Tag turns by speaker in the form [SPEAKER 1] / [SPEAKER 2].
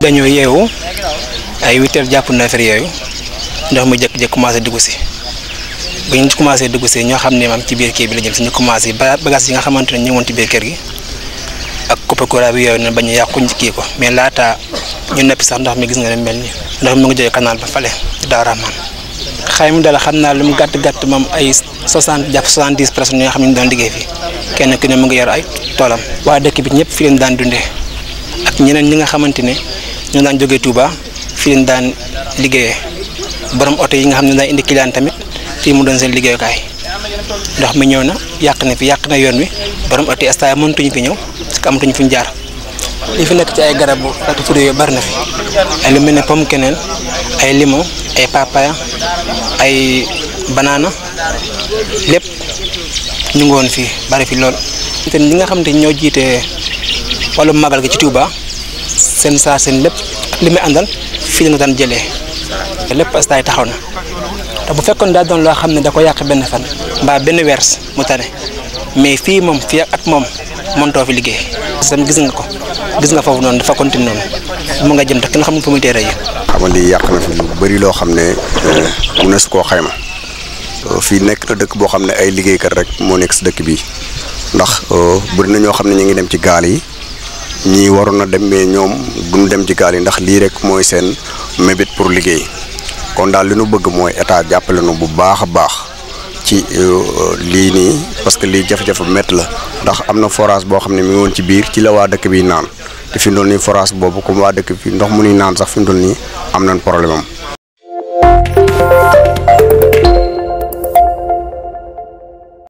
[SPEAKER 1] dañoo yeewu ay huit jàpp neuf heures yooyu ndox mu jëkk-jëkk commencé dugg si bu ñu commencé dugg si ñoo xam ne maam ci biir kii bi la jëm si ñu commencé bagage yi nga xamante ne ñu ngi biir kër gi ak coupé-courant bi yooyu na ba ñu yàqu kii ko mais laata ñu neppi sax ndox mi gis nga ne mel ni ndox mi nga jógee canal ba fale daa raxmaan xayma dala xam naa lu mu gàtt gàtt moom ay soixante jàpp soixante-dix personnes ñoo xam ne ñu doon liggéey fii kenn ku ne mu ngi yor ay toolam waa dëkk bi ñëpp fi leen daan dunde ak ñeneen ñi nga xamante ne ñoo daan jóge tuuba fi leen daan liggéeye borom oto yi nga xam ne daan indi client tamit fii mu doon seen liggéeyukaay ndox mi ñëw na yàq na fi yàq na yoon wi borom oto yi instant yii fi ñëw parce que amatuñu fi ñu jaar li fi nekk ci ay garabu ak fruits bari na fi ay lu mel ne pomme keneen ay limon ay papaya ay banana lépp. ñu ngi fii bari fi lool te nga xam te ñoo jiite wàllu magal gi ci Touba seen saa seen lépp ak li muy àndal fii la nga daan jëlee lépp astaay taxaw na te bu fekkoon daal doon loo xam ne da ko yàq benn fan mbaa benn weer mu tane mais fii moom fii ak moom mëntoo fi liggéey. sam gis nga ko gis nga foofu noonu dafa continué noonu nga jëm te ki nga xam ne fu muy teeree yi.
[SPEAKER 2] xam nga yàq na fi lu bëri loo xam ne mun na su koo xayma. Euh, fi nekk na dëkk boo xam ne ay liggéeykat rek moo nekk si dëkk bi ndax euh, bëri na ñoo xam ne ñu ngi dem ci gaal yi ñii waroon na dem mais ñoom duñ dem ci gaal yi ndax lii rek mooy seen mébét pour liggéey kon daal li nu bëgg mooy état jàppale nu bu baax a baax ci euh, lii nii parce que lii jafe-jafe mett la ndax am na forage boo xam ne mi ngi woon ci biir ci la waa dëkk bi naan te fi mu toll nii forage boobu comme waa dëkk bi ndox mu nuy naan sax fi mu nii am nañ problème am.